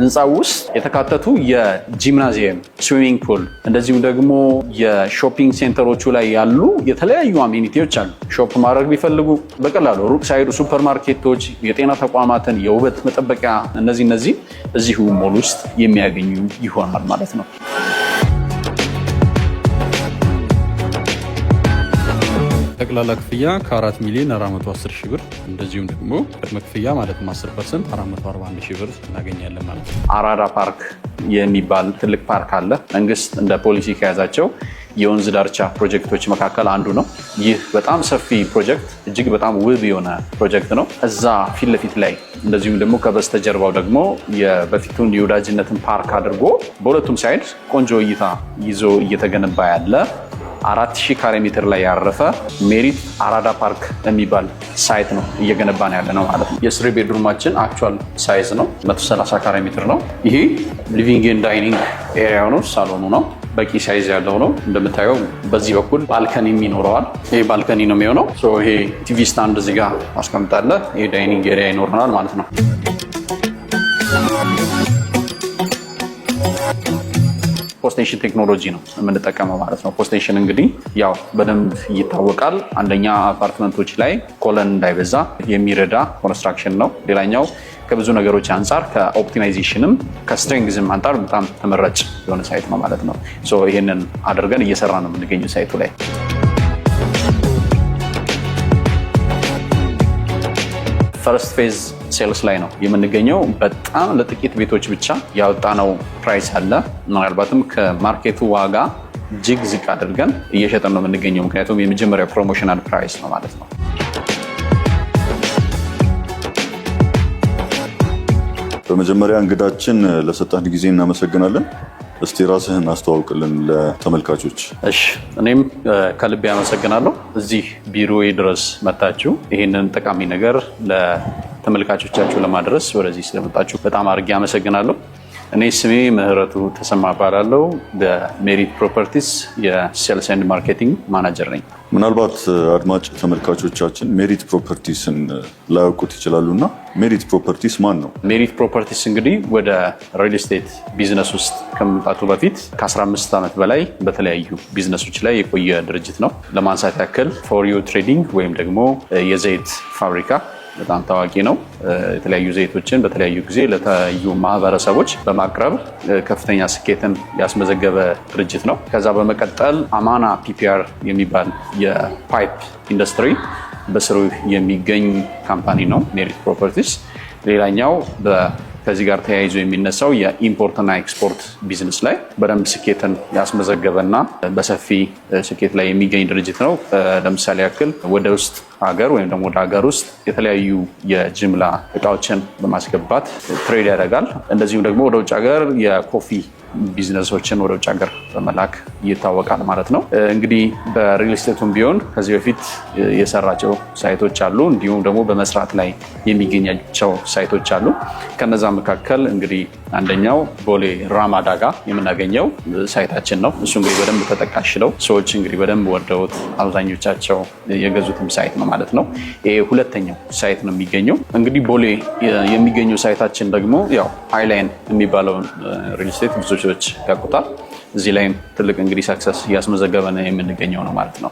ህንፃው ውስጥ የተካተቱ የጂምናዚየም ስዊሚንግ ፑል እንደዚሁም ደግሞ የሾፒንግ ሴንተሮቹ ላይ ያሉ የተለያዩ አሜኒቲዎች አሉ። ሾፕ ማድረግ ቢፈልጉ በቀላሉ ሩቅ ሳይሄዱ ሱፐርማርኬቶች፣ የጤና ተቋማትን፣ የውበት መጠበቂያ እነዚህ እነዚህ እዚሁ ሞል ውስጥ የሚያገኙ ይሆናል ማለት ነው። ጠቅላላ ክፍያ ከ4 ሚሊዮን 410 ሺህ ብር እንደዚሁም ደግሞ ቅድመ ክፍያ ማለት 10 ፐርሰንት 441 ሺህ ብር እናገኛለን ማለት ነው። አራዳ ፓርክ የሚባል ትልቅ ፓርክ አለ። መንግስት እንደ ፖሊሲ ከያዛቸው የወንዝ ዳርቻ ፕሮጀክቶች መካከል አንዱ ነው። ይህ በጣም ሰፊ ፕሮጀክት እጅግ በጣም ውብ የሆነ ፕሮጀክት ነው። እዛ ፊት ለፊት ላይ እንደዚሁም ደግሞ ከበስተጀርባው ደግሞ የበፊቱን የወዳጅነትን ፓርክ አድርጎ በሁለቱም ሳይድ ቆንጆ እይታ ይዞ እየተገነባ ያለ አራት ሺህ ካሬ ሜትር ላይ ያረፈ ሜሪት አራዳ ፓርክ የሚባል ሳይት ነው እየገነባ ነው ያለ ነው ማለት ነው። የስሪ ቤድሩማችን አክቹዋል ሳይዝ ነው 130 ካሬ ሜትር ነው። ይሄ ሊቪንግ ኤንድ ዳይኒንግ ኤሪያ ነው፣ ሳሎኑ ነው። በቂ ሳይዝ ያለው ነው። እንደምታየው በዚህ በኩል ባልከኒም ይኖረዋል። ይሄ ባልከኒ ነው የሚሆነው። ይሄ ቲቪ ስታንድ እዚህ ጋር አስቀምጣለህ። ይሄ ዳይኒንግ ኤሪያ ይኖረናል ማለት ነው። ፖስቴሽን ቴክኖሎጂ ነው የምንጠቀመው ማለት ነው። ፖስቴሽን እንግዲህ ያው በደንብ ይታወቃል። አንደኛ አፓርትመንቶች ላይ ኮለን እንዳይበዛ የሚረዳ ኮንስትራክሽን ነው። ሌላኛው ከብዙ ነገሮች አንጻር ከኦፕቲማይዜሽንም ከስትሪንግዝም አንጻር በጣም ተመራጭ የሆነ ሳይት ነው ማለት ነው። ይህንን አድርገን እየሰራ ነው የምንገኘው ሳይቱ ላይ ፈርስት ፌዝ ሴልስ ላይ ነው የምንገኘው። በጣም ለጥቂት ቤቶች ብቻ ያወጣነው ፕራይስ አለ። ምናልባትም ከማርኬቱ ዋጋ እጅግ ዝቅ አድርገን እየሸጠን ነው የምንገኘው። ምክንያቱም የመጀመሪያ ፕሮሞሽናል ፕራይስ ነው ማለት ነው። በመጀመሪያ እንግዳችን ለሰጣን ጊዜ እናመሰግናለን። እስቲ ራስህን አስተዋውቅልን ለተመልካቾች። እሺ፣ እኔም ከልቤ አመሰግናለሁ እዚህ ቢሮ ድረስ መታችሁ ይህንን ጠቃሚ ነገር ለተመልካቾቻችሁ ለማድረስ ወደዚህ ስለመጣችሁ በጣም አድርጌ አመሰግናለሁ። እኔ ስሜ ምህረቱ ተሰማ እባላለሁ። በሜሪት ፕሮፐርቲስ የሴልስ ኤንድ ማርኬቲንግ ማናጀር ነኝ። ምናልባት አድማጭ ተመልካቾቻችን ሜሪት ፕሮፐርቲስን ላያውቁት ይችላሉ እና ሜሪት ፕሮፐርቲስ ማን ነው? ሜሪት ፕሮፐርቲስ እንግዲህ ወደ ሪል ስቴት ቢዝነስ ውስጥ ከመምጣቱ በፊት ከ15 ዓመት በላይ በተለያዩ ቢዝነሶች ላይ የቆየ ድርጅት ነው። ለማንሳት ያክል ፎሪዮ ትሬዲንግ ወይም ደግሞ የዘይት ፋብሪካ በጣም ታዋቂ ነው። የተለያዩ ዘይቶችን በተለያዩ ጊዜ ለተለያዩ ማህበረሰቦች በማቅረብ ከፍተኛ ስኬትን ያስመዘገበ ድርጅት ነው። ከዛ በመቀጠል አማና ፒፒአር የሚባል የፓይፕ ኢንዱስትሪ በስሩ የሚገኝ ካምፓኒ ነው ሜሪት ፕሮፐርቲስ። ሌላኛው ከዚህ ጋር ተያይዞ የሚነሳው የኢምፖርትና ኤክስፖርት ቢዝነስ ላይ በደንብ ስኬትን ያስመዘገበና በሰፊ ስኬት ላይ የሚገኝ ድርጅት ነው። ለምሳሌ ያክል ወደ ውስጥ ሀገር ወይም ደግሞ ወደ ሀገር ውስጥ የተለያዩ የጅምላ እቃዎችን በማስገባት ትሬድ ያደርጋል። እንደዚሁም ደግሞ ወደ ውጭ ሀገር የኮፊ ቢዝነሶችን ወደ ውጭ ሀገር በመላክ ይታወቃል ማለት ነው። እንግዲህ በሪል ስቴቱም ቢሆን ከዚህ በፊት የሰራቸው ሳይቶች አሉ፣ እንዲሁም ደግሞ በመስራት ላይ የሚገኛቸው ሳይቶች አሉ። ከነዛ መካከል እንግዲህ አንደኛው ቦሌ ራማዳ ጋ የምናገኘው ሳይታችን ነው። እሱ እንግዲህ በደንብ ተጠቃሽ ነው። ሰዎች እንግዲህ በደንብ ወደውት አብዛኞቻቸው የገዙትም ሳይት ነው ማለት ነው። ይሄ ሁለተኛው ሳይት ነው የሚገኘው። እንግዲህ ቦሌ የሚገኘው ሳይታችን ደግሞ ያው ሃይላይን የሚባለውን ሪል uh, ስቴት ብዙ ሰዎች ያውቁታል። እዚህ ላይም ትልቅ እንግዲህ ሰክሰስ እያስመዘገበ ነው የምንገኘው ነው ማለት ነው።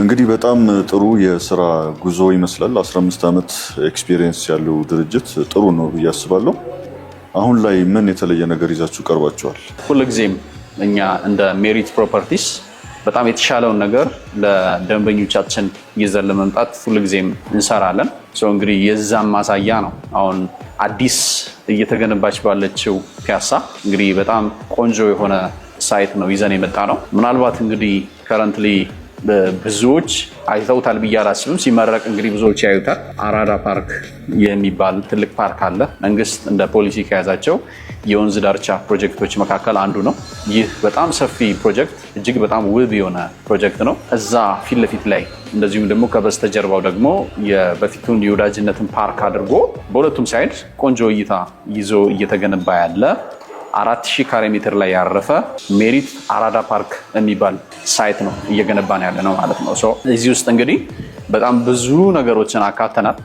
እንግዲህ በጣም ጥሩ የስራ ጉዞ ይመስላል። 15 ዓመት ኤክስፒሪየንስ ያለው ድርጅት ጥሩ ነው ብዬ አስባለሁ። አሁን ላይ ምን የተለየ ነገር ይዛችሁ ቀርባችኋል? ሁልጊዜም እኛ እንደ ሜሪት ፕሮፐርቲስ በጣም የተሻለውን ነገር ለደንበኞቻችን ይዘን ለመምጣት ሁልጊዜም እንሰራለን። እንግዲህ የዛም ማሳያ ነው አሁን አዲስ እየተገነባች ባለችው ፒያሳ እንግዲህ በጣም ቆንጆ የሆነ ሳይት ነው ይዘን የመጣ ነው። ምናልባት እንግዲህ ከረንትሊ ብዙዎች አይተውታል ብዬ አላስብም። ሲመረቅ እንግዲህ ብዙዎች ያዩታል። አራዳ ፓርክ የሚባል ትልቅ ፓርክ አለ። መንግስት እንደ ፖሊሲ ከያዛቸው የወንዝ ዳርቻ ፕሮጀክቶች መካከል አንዱ ነው። ይህ በጣም ሰፊ ፕሮጀክት፣ እጅግ በጣም ውብ የሆነ ፕሮጀክት ነው። እዛ ፊት ለፊት ላይ እንደዚሁም ደግሞ ከበስተጀርባው ደግሞ የበፊቱን የወዳጅነትን ፓርክ አድርጎ በሁለቱም ሳይድ ቆንጆ እይታ ይዞ እየተገነባ ያለ አራት ሺህ ካሬ ሜትር ላይ ያረፈ ሜሪት አራዳ ፓርክ የሚባል ሳይት ነው እየገነባን ያለ ነው ማለት ነው። እዚህ ውስጥ እንግዲህ በጣም ብዙ ነገሮችን አካተናል።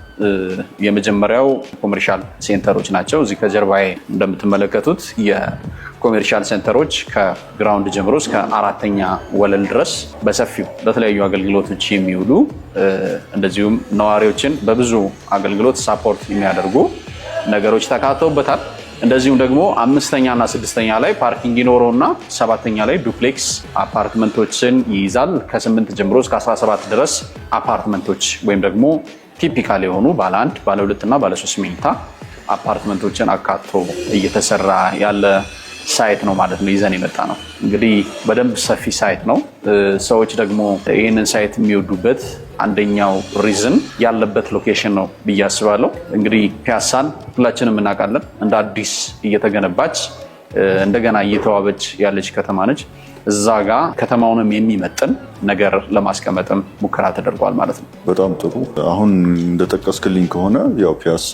የመጀመሪያው ኮሜርሻል ሴንተሮች ናቸው። እዚህ ከጀርባዬ እንደምትመለከቱት የኮሜርሻል ሴንተሮች ከግራውንድ ጀምሮ እስከ አራተኛ ወለል ድረስ በሰፊው ለተለያዩ አገልግሎቶች የሚውሉ እንደዚሁም ነዋሪዎችን በብዙ አገልግሎት ሳፖርት የሚያደርጉ ነገሮች ተካተውበታል። እንደዚሁም ደግሞ አምስተኛና ስድስተኛ ላይ ፓርኪንግ ይኖረው እና ሰባተኛ ላይ ዱፕሌክስ አፓርትመንቶችን ይይዛል። ከስምንት ጀምሮ እስከ 17 ድረስ አፓርትመንቶች ወይም ደግሞ ቲፒካል የሆኑ ባለ አንድ ባለ እና ባለ ሶስት መኝታ አፓርትመንቶችን አካቶ እየተሰራ ያለ ሳይት ነው ማለት ነው። ይዘን የመጣ ነው እንግዲህ በደንብ ሰፊ ሳይት ነው። ሰዎች ደግሞ ይህንን ሳይት የሚወዱበት አንደኛው ሪዝን ያለበት ሎኬሽን ነው ብዬ አስባለሁ። እንግዲህ ፒያሳን ሁላችንም እናውቃለን። እንደ አዲስ እየተገነባች እንደገና እየተዋበች ያለች ከተማ ነች። እዛ ጋ ከተማውንም የሚመጥን ነገር ለማስቀመጥም ሙከራ ተደርጓል ማለት ነው። በጣም ጥሩ። አሁን እንደጠቀስክልኝ ከሆነ ያው ፒያሳ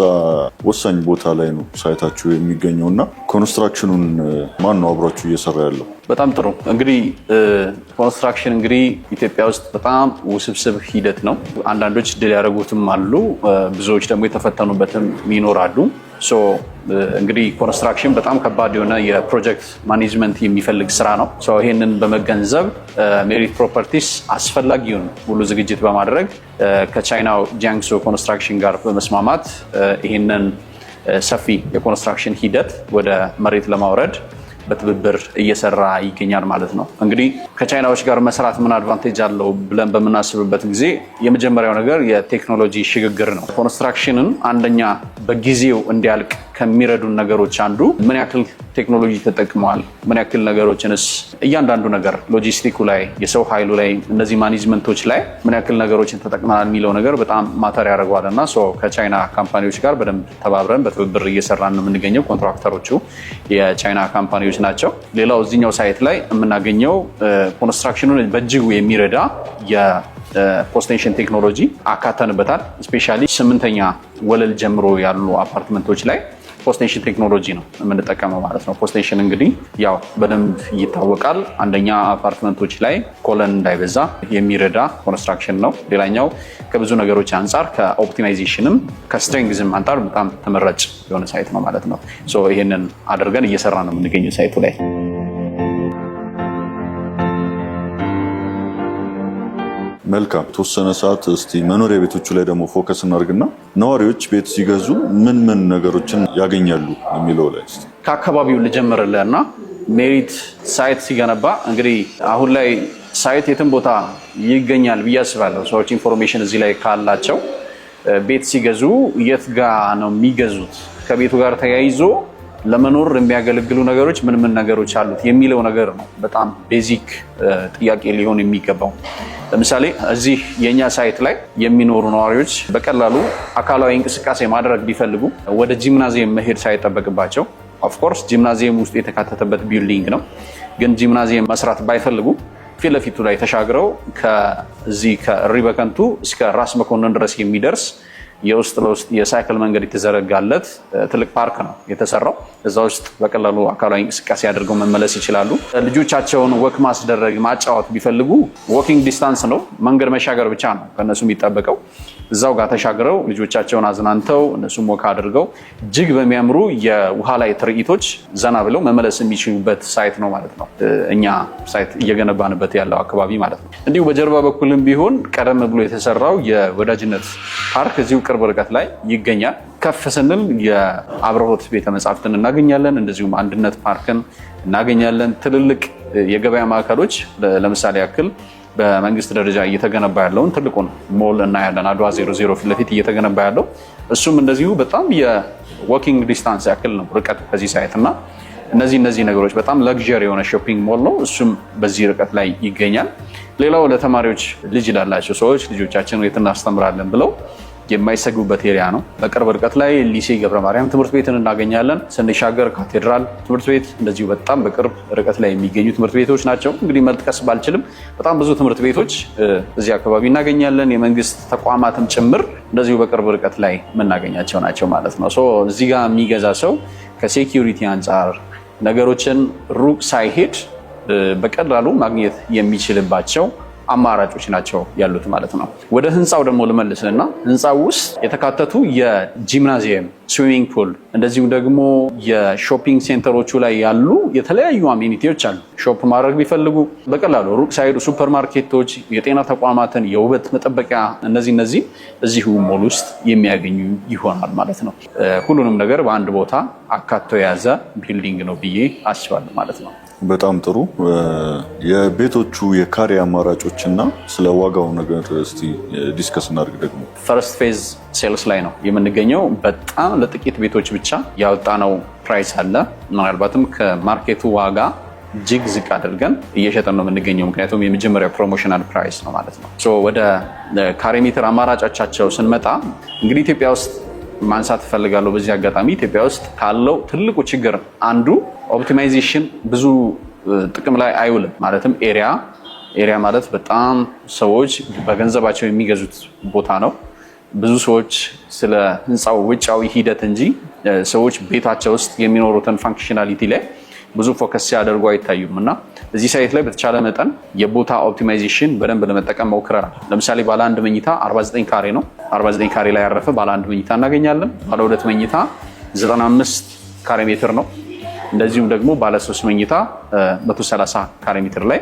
ወሳኝ ቦታ ላይ ነው ሳይታችሁ የሚገኘው እና ኮንስትራክሽኑን ማን ነው አብሯችሁ እየሰራ ያለው? በጣም ጥሩ። እንግዲህ ኮንስትራክሽን እንግዲህ ኢትዮጵያ ውስጥ በጣም ውስብስብ ሂደት ነው። አንዳንዶች ድል ያደረጉትም አሉ፣ ብዙዎች ደግሞ የተፈተኑበትም ይኖራሉ። Uh, እንግዲህ ኮንስትራክሽን በጣም ከባድ የሆነ የፕሮጀክት ማኔጅመንት የሚፈልግ ስራ ነው። ይህንን በመገንዘብ ሜሪት ፕሮፐርቲስ አስፈላጊውን ሙሉ ዝግጅት በማድረግ uh, ከቻይናው ጃንግሶ ኮንስትራክሽን ጋር በመስማማት uh, ይህንን ሰፊ የኮንስትራክሽን ሂደት ወደ መሬት ለማውረድ በትብብር እየሰራ ይገኛል ማለት ነው። እንግዲህ ከቻይናዎች ጋር መስራት ምን አድቫንቴጅ አለው ብለን በምናስብበት ጊዜ የመጀመሪያው ነገር የቴክኖሎጂ ሽግግር ነው። ኮንስትራክሽንን አንደኛ በጊዜው እንዲያልቅ ከሚረዱን ነገሮች አንዱ ምን ያክል ቴክኖሎጂ ተጠቅመዋል፣ ምን ያክል ነገሮችንስ እያንዳንዱ ነገር ሎጂስቲኩ ላይ፣ የሰው ኃይሉ ላይ፣ እነዚህ ማኔጅመንቶች ላይ ምን ያክል ነገሮችን ተጠቅመናል የሚለው ነገር በጣም ማተር ያደርገዋል እና ከቻይና ካምፓኒዎች ጋር በደንብ ተባብረን በትብብር እየሰራን ነው የምንገኘው። ኮንትራክተሮቹ የቻይና ካምፓኒዎች ናቸው። ሌላው እዚኛው ሳይት ላይ የምናገኘው ኮንስትራክሽኑን በእጅጉ የሚረዳ ፖስቴንሽን ቴክኖሎጂ አካተንበታል። ስፔሻሊ ስምንተኛ ወለል ጀምሮ ያሉ አፓርትመንቶች ላይ ፖስቴንሽን ቴክኖሎጂ ነው የምንጠቀመው ማለት ነው። ፖስቴንሽን እንግዲህ ያው በደንብ ይታወቃል። አንደኛ አፓርትመንቶች ላይ ኮለን እንዳይበዛ የሚረዳ ኮንስትራክሽን ነው። ሌላኛው ከብዙ ነገሮች አንጻር ከኦፕቲማይዜሽንም ከስትሪንግዝም አንጻር በጣም ተመራጭ የሆነ ሳይት ነው ማለት ነው። ይህንን አድርገን እየሰራ ነው የምንገኘው ሳይቱ ላይ መልካም ተወሰነ ሰዓት እስቲ መኖሪያ ቤቶቹ ላይ ደግሞ ፎከስ እናድርግና ነዋሪዎች ቤት ሲገዙ ምን ምን ነገሮችን ያገኛሉ የሚለው ላይ ከአካባቢው ልጀምርልህ እና ሜሪት ሳይት ሲገነባ እንግዲህ አሁን ላይ ሳይት የትም ቦታ ይገኛል ብዬ አስባለሁ። ሰዎች ኢንፎርሜሽን እዚህ ላይ ካላቸው ቤት ሲገዙ የት ጋ ነው የሚገዙት ከቤቱ ጋር ተያይዞ ለመኖር የሚያገለግሉ ነገሮች ምን ምን ነገሮች አሉት የሚለው ነገር ነው በጣም ቤዚክ ጥያቄ ሊሆን የሚገባው። ለምሳሌ እዚህ የእኛ ሳይት ላይ የሚኖሩ ነዋሪዎች በቀላሉ አካላዊ እንቅስቃሴ ማድረግ ቢፈልጉ ወደ ጂምናዚየም መሄድ ሳይጠበቅባቸው፣ ኦፍኮርስ ጂምናዚየም ውስጥ የተካተተበት ቢልዲንግ ነው፣ ግን ጂምናዚየም መስራት ባይፈልጉ ፊት ለፊቱ ላይ ተሻግረው ከዚህ ከሪበከንቱ እስከ ራስ መኮንን ድረስ የሚደርስ የውስጥ ለውስጥ የሳይክል መንገድ የተዘረጋለት ትልቅ ፓርክ ነው የተሰራው። እዛ ውስጥ በቀላሉ አካላዊ እንቅስቃሴ አድርገው መመለስ ይችላሉ። ልጆቻቸውን ወክ ማስደረግ ማጫወት ቢፈልጉ ወኪንግ ዲስታንስ ነው፣ መንገድ መሻገር ብቻ ነው ከነሱ የሚጠበቀው። እዛው ጋር ተሻግረው ልጆቻቸውን አዝናንተው እነሱ ሞካ አድርገው እጅግ በሚያምሩ የውሃ ላይ ትርኢቶች ዘና ብለው መመለስ የሚችሉበት ሳይት ነው ማለት ነው። እኛ ሳይት እየገነባንበት ያለው አካባቢ ማለት ነው። እንዲሁ በጀርባ በኩልም ቢሆን ቀደም ብሎ የተሰራው የወዳጅነት ፓርክ እዚሁ ቅርብ ርቀት ላይ ይገኛል። ከፍ ስንል የአብርሆት ቤተ መጻሕፍትን እናገኛለን። እንደዚሁም አንድነት ፓርክን እናገኛለን። ትልልቅ የገበያ ማዕከሎች ለምሳሌ ያክል በመንግስት ደረጃ እየተገነባ ያለውን ትልቁን ሞል እናያለን። አድዋ ዜሮ ዜሮ ፊት ለፊት እየተገነባ ያለው እሱም እንደዚሁ በጣም የወኪንግ ዲስታንስ ያክል ነው ርቀት ከዚህ ሳይት እና እነዚህ እነዚህ ነገሮች በጣም ለግዠሪ የሆነ ሾፒንግ ሞል ነው። እሱም በዚህ ርቀት ላይ ይገኛል። ሌላው ለተማሪዎች ልጅ ላላቸው ሰዎች ልጆቻችን የት እናስተምራለን ብለው የማይሰግቡበት ኤሪያ ነው። በቅርብ ርቀት ላይ ሊሴ ገብረ ማርያም ትምህርት ቤትን እናገኛለን። ስንሻገር ካቴድራል ትምህርት ቤት እንደዚሁ በጣም በቅርብ ርቀት ላይ የሚገኙ ትምህርት ቤቶች ናቸው። እንግዲህ መጥቀስ ባልችልም በጣም ብዙ ትምህርት ቤቶች እዚህ አካባቢ እናገኛለን። የመንግስት ተቋማትም ጭምር እንደዚሁ በቅርብ ርቀት ላይ የምናገኛቸው ናቸው ማለት ነው። እዚህ ጋር የሚገዛ ሰው ከሴኪሪቲ አንጻር ነገሮችን ሩቅ ሳይሄድ በቀላሉ ማግኘት የሚችልባቸው አማራጮች ናቸው ያሉት ማለት ነው። ወደ ህንፃው ደግሞ ልመልስንና ህንፃው ውስጥ የተካተቱ የጂምናዚየም ስዊሚንግ ፑል እንደዚሁም ደግሞ የሾፒንግ ሴንተሮቹ ላይ ያሉ የተለያዩ አሜኒቲዎች አሉ። ሾፕ ማድረግ ቢፈልጉ በቀላሉ ሩቅ ሳይሄዱ ሱፐር ማርኬቶች፣ የጤና ተቋማትን፣ የውበት መጠበቂያ እነዚህ እነዚህ እዚሁ ሞል ውስጥ የሚያገኙ ይሆናል ማለት ነው። ሁሉንም ነገር በአንድ ቦታ አካቶ የያዘ ቢልዲንግ ነው ብዬ አስባለሁ ማለት ነው። በጣም ጥሩ። የቤቶቹ የካሬ አማራጮች እና ስለ ዋጋው ነገር እስቲ ዲስከስ እናድርግ። ደግሞ ፈርስት ፌዝ ሴልስ ላይ ነው የምንገኘው። በጣም ለጥቂት ቤቶች ብቻ ያወጣነው ፕራይስ አለ። ምናልባትም ከማርኬቱ ዋጋ እጅግ ዝቅ አድርገን እየሸጠን ነው የምንገኘው። ምክንያቱም የመጀመሪያ ፕሮሞሽናል ፕራይስ ነው ማለት ነው። ወደ ካሬ ሜትር አማራጮቻቸው ስንመጣ እንግዲህ ኢትዮጵያ ውስጥ ማንሳት እፈልጋለሁ። በዚህ አጋጣሚ ኢትዮጵያ ውስጥ ካለው ትልቁ ችግር አንዱ ኦፕቲማይዜሽን ብዙ ጥቅም ላይ አይውልም። ማለትም ኤሪያ ኤሪያ ማለት በጣም ሰዎች በገንዘባቸው የሚገዙት ቦታ ነው። ብዙ ሰዎች ስለ ህንፃው ውጫዊ ሂደት እንጂ ሰዎች ቤታቸው ውስጥ የሚኖሩትን ፋንክሽናሊቲ ላይ ብዙ ፎከስ ሲያደርጉ አይታዩም እና እዚህ ሳይት ላይ በተቻለ መጠን የቦታ ኦፕቲማይዜሽን በደንብ ለመጠቀም ሞክረናል። ለምሳሌ ባለ አንድ መኝታ 49 ካሬ ነው። 49 ካሬ ላይ ያረፈ ባለ አንድ መኝታ እናገኛለን። ባለ ሁለት መኝታ 95 ካሬ ሜትር ነው። እንደዚሁም ደግሞ ባለ ሶስት መኝታ 130 ካሬ ሜትር ላይ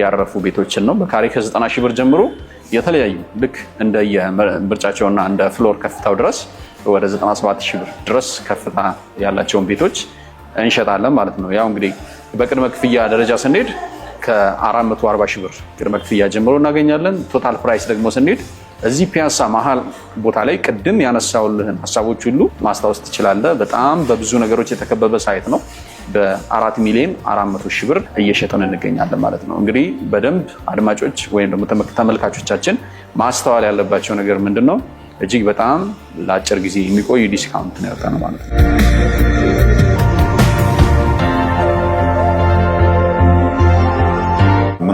ያረፉ ቤቶችን ነው። በካሬ ከ90 ሺህ ብር ጀምሮ የተለያዩ ልክ እንደ ምርጫቸውና እንደ ፍሎር ከፍታው ድረስ ወደ 97 ሺህ ብር ድረስ ከፍታ ያላቸውን ቤቶች እንሸጣለን ማለት ነው። ያው እንግዲህ በቅድመ ክፍያ ደረጃ ስንሄድ ከ440 ሺህ ብር ቅድመ ክፍያ ጀምሮ እናገኛለን። ቶታል ፕራይስ ደግሞ ስንሄድ እዚህ ፒያሳ መሀል ቦታ ላይ ቅድም ያነሳውልህን ሀሳቦች ሁሉ ማስታወስ ትችላለህ። በጣም በብዙ ነገሮች የተከበበ ሳይት ነው። በአራት ሚሊዮን አራት መቶ ሺህ ብር እየሸጠን እንገኛለን ማለት ነው። እንግዲህ በደንብ አድማጮች ወይም ደግሞ ተመልካቾቻችን ማስተዋል ያለባቸው ነገር ምንድን ነው? እጅግ በጣም ለአጭር ጊዜ የሚቆዩ ዲስካውንት ነው ያወጣነው ማለት ነው።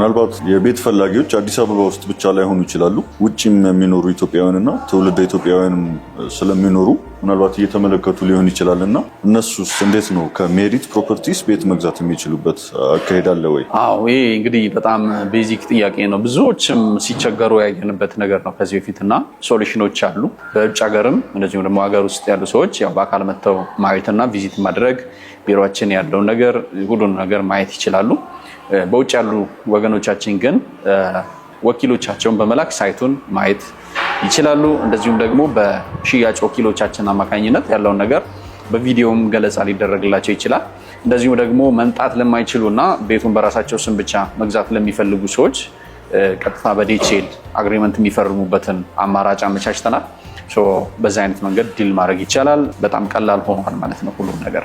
ምናልባት የቤት ፈላጊዎች አዲስ አበባ ውስጥ ብቻ ላይሆኑ ይችላሉ። ውጭም የሚኖሩ ኢትዮጵያውያንና ትውልድ ኢትዮጵያውያንም ስለሚኖሩ ምናልባት እየተመለከቱ ሊሆን ይችላል እና እነሱስ እንዴት ነው ከሜሪት ፕሮፐርቲስ ቤት መግዛት የሚችሉበት አካሄድ አለ ወይ? አዎ ይህ እንግዲህ በጣም ቤዚክ ጥያቄ ነው። ብዙዎችም ሲቸገሩ ያየንበት ነገር ነው ከዚህ በፊት እና ሶሉሽኖች አሉ። በውጭ ሀገርም እንደዚሁም ደግሞ ሀገር ውስጥ ያሉ ሰዎች ያው በአካል መጥተው ማየትና ቪዚት ማድረግ ቢሮችን ያለውን ነገር ሁሉን ነገር ማየት ይችላሉ። በውጭ ያሉ ወገኖቻችን ግን ወኪሎቻቸውን በመላክ ሳይቱን ማየት ይችላሉ። እንደዚሁም ደግሞ በሽያጭ ወኪሎቻችን አማካኝነት ያለውን ነገር በቪዲዮም ገለጻ ሊደረግላቸው ይችላል። እንደዚሁም ደግሞ መምጣት ለማይችሉ እና ቤቱን በራሳቸው ስም ብቻ መግዛት ለሚፈልጉ ሰዎች ቀጥታ በዴቼል አግሪመንት የሚፈርሙበትን አማራጭ አመቻችተናል። በዚህ አይነት መንገድ ዲል ማድረግ ይቻላል። በጣም ቀላል ሆኗል ማለት ነው ሁሉም ነገር።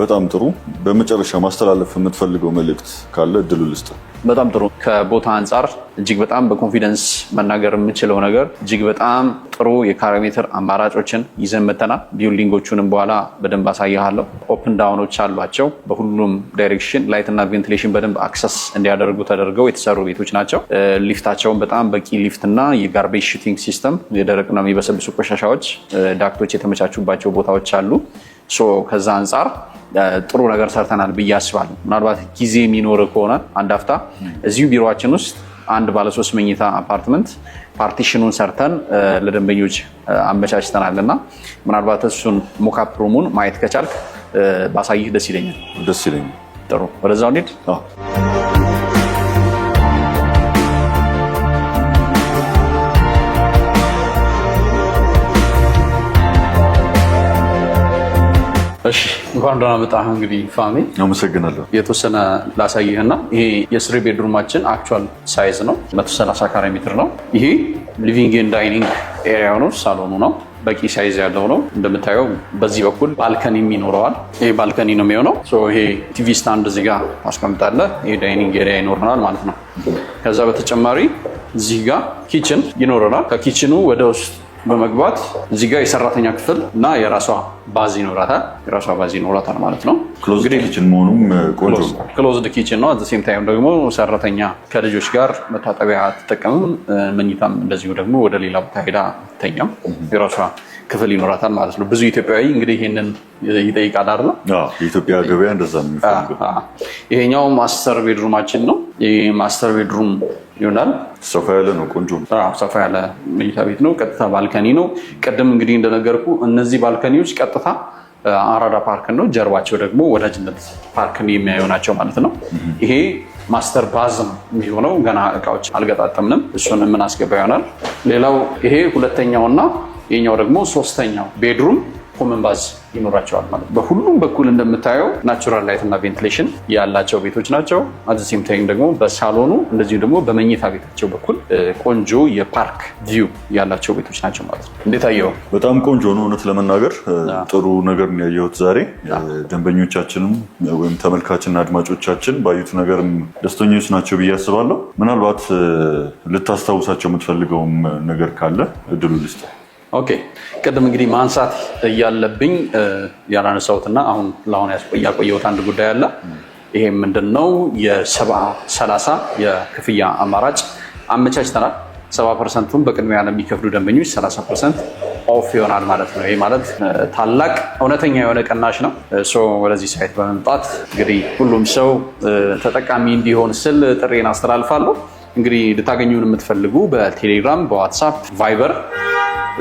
በጣም ጥሩ። በመጨረሻ ማስተላለፍ የምትፈልገው መልእክት ካለ እድሉ ልስጥ። በጣም ጥሩ። ከቦታ አንጻር እጅግ በጣም በኮንፊደንስ መናገር የምችለው ነገር እጅግ በጣም ጥሩ የካራሜትር አማራጮችን ይዘን መተናል። ቢውልዲንጎቹንም በኋላ በደንብ አሳያለሁ። ኦፕን ዳውኖች አሏቸው። በሁሉም ዳይሬክሽን ላይትና ቬንቲሌሽን በደንብ አክሰስ እንዲያደርጉ ተደርገው የተሰሩ ቤቶች ናቸው። ሊፍታቸውን በጣም በቂ ሊፍትና የጋርቤጅ ሹቲንግ ሲስተም የደረቅና የሚበሰብሱ ቆሻሻዎች ዳክቶች የተመቻቹባቸው ቦታዎች አሉ። ከዛ አንጻር ጥሩ ነገር ሰርተናል ብዬ አስባለሁ። ምናልባት ጊዜ የሚኖር ከሆነ አንድ አፍታ እዚሁ ቢሮችን ውስጥ አንድ ባለሶስት መኝታ አፓርትመንት ፓርቲሽኑን ሰርተን ለደንበኞች አመቻችተናል እና ምናልባት እሱን ሞካፕ ሩሙን ማየት ከቻልክ ባሳይህ ደስ ይለኛል። ደስ ይለኛል። ጥሩ፣ ወደዛው እንሂድ። እሺ እንኳን ደህና መጣህ። እንግዲህ ፋሚ አመሰግናለሁ። የተወሰነ ላሳይህና ይሄ የስሪ ቤድሩማችን አክቹዋል ሳይዝ ነው 130 ካሬ ሜትር ነው። ይሄ ሊቪንግ ኤንድ ዳይኒንግ ኤሪያ ነው፣ ሳሎኑ ነው። በቂ ሳይዝ ያለው ነው። እንደምታየው በዚህ በኩል ባልከኒም ይኖረዋል። ይሄ ባልከኒ ነው የሚሆነው። ይሄ ቲቪ ስታንድ እዚህ ጋ አስቀምጣለህ። ይሄ ዳይኒንግ ኤሪያ ይኖረናል ማለት ነው። ከዛ በተጨማሪ እዚህ ጋር ኪችን ይኖረናል። ከኪችኑ ወደ ውስጥ በመግባት እዚህ ጋር የሰራተኛ ክፍል እና የራሷ ባዝ ይኖራታል የራሷ ባዝ ይኖራታል ማለት ነው። ክሎዝድ ኪችን መሆኑም ቆንጆ ክሎዝድ ኪችን ነው። ሴም ታይም ደግሞ ሰራተኛ ከልጆች ጋር መታጠቢያ አትጠቀምም። መኝታም እንደዚሁ ደግሞ ወደ ሌላ ቦታ ሄዳ አትተኛም። የራሷ ክፍል ይኖራታል ማለት ነው። ብዙ ኢትዮጵያዊ እንግዲህ ይህንን ይጠይቃል አይደል? የኢትዮጵያ ገበያ እንደዛ ነው የሚፈልገው። ይሄኛው ማስተር ቤድሩማችን ነው። ይህ ማስተር ቤድሩም ይሆናል። ሰፋ ያለ ነው፣ ቆንጆ ሰፋ ያለ መኝታ ቤት ነው። ቀጥታ ባልከኒ ነው። ቅድም እንግዲህ እንደነገርኩ እነዚህ ባልከኒዎች ቀጥታ አራዳ ፓርክ ነው፣ ጀርባቸው ደግሞ ወዳጅነት ፓርክን የሚያዩ ናቸው ማለት ነው። ይሄ ማስተር ባዝም የሚሆነው ገና እቃዎች አልገጣጠምንም፣ እሱን የምናስገባ ይሆናል። ሌላው ይሄ ሁለተኛውና የኛው ደግሞ ሶስተኛው ቤድሩም ኮመን ባዝ ይኖራቸዋል ማለት ነው። በሁሉም በኩል እንደምታየው ናቹራል ላይት እና ቬንቲሌሽን ያላቸው ቤቶች ናቸው። አዘሴም ታይም ደግሞ በሳሎኑ እንደዚሁ ደግሞ በመኝታ ቤታቸው በኩል ቆንጆ የፓርክ ቪው ያላቸው ቤቶች ናቸው ማለት ነው። እንዴት አየው? በጣም ቆንጆ ነው። እውነት ለመናገር ጥሩ ነገር ያየሁት ዛሬ። ደንበኞቻችንም ወይም ተመልካችንና አድማጮቻችን ባዩት ነገርም ደስተኞች ናቸው ብዬ አስባለሁ። ምናልባት ልታስታውሳቸው የምትፈልገውም ነገር ካለ እድሉ ልስጥ። ኦኬ ቅድም እንግዲህ ማንሳት እያለብኝ ያላነሳሁትና አሁን ለአሁን ያቆየሁት አንድ ጉዳይ አለ። ይሄ ምንድን ነው? የሰባ ሰላሳ የክፍያ አማራጭ አመቻችተናል። ሰባ ፐርሰንቱን በቅድሚያ ለሚከፍሉ ደንበኞች ሰላሳ ፐርሰንት ኦፍ ይሆናል ማለት ነው። ይህ ማለት ታላቅ እውነተኛ የሆነ ቅናሽ ነው። ወደዚህ ሳይት በመምጣት እንግዲህ ሁሉም ሰው ተጠቃሚ እንዲሆን ስል ጥሬን አስተላልፋለሁ። እንግዲህ ልታገኙን የምትፈልጉ በቴሌግራም፣ በዋትሳፕ፣ ቫይበር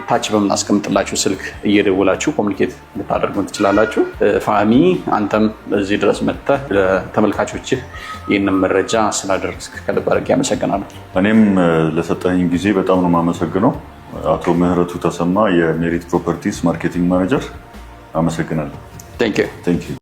ታች በምናስቀምጥላችሁ ስልክ እየደወላችሁ ኮሚኒኬት ልታደርጉን ትችላላችሁ። ፋሚ አንተም እዚህ ድረስ መጥተህ ለተመልካቾችህ ይህንን መረጃ ስላደረስክ ከልብ አድርጌ አመሰግናለሁ። እኔም ለሰጠኝ ጊዜ በጣም ነው የማመሰግነው። አቶ ምህረቱ ተሰማ የሜሪት ፕሮፐርቲስ ማርኬቲንግ ማኔጀር። አመሰግናለሁ።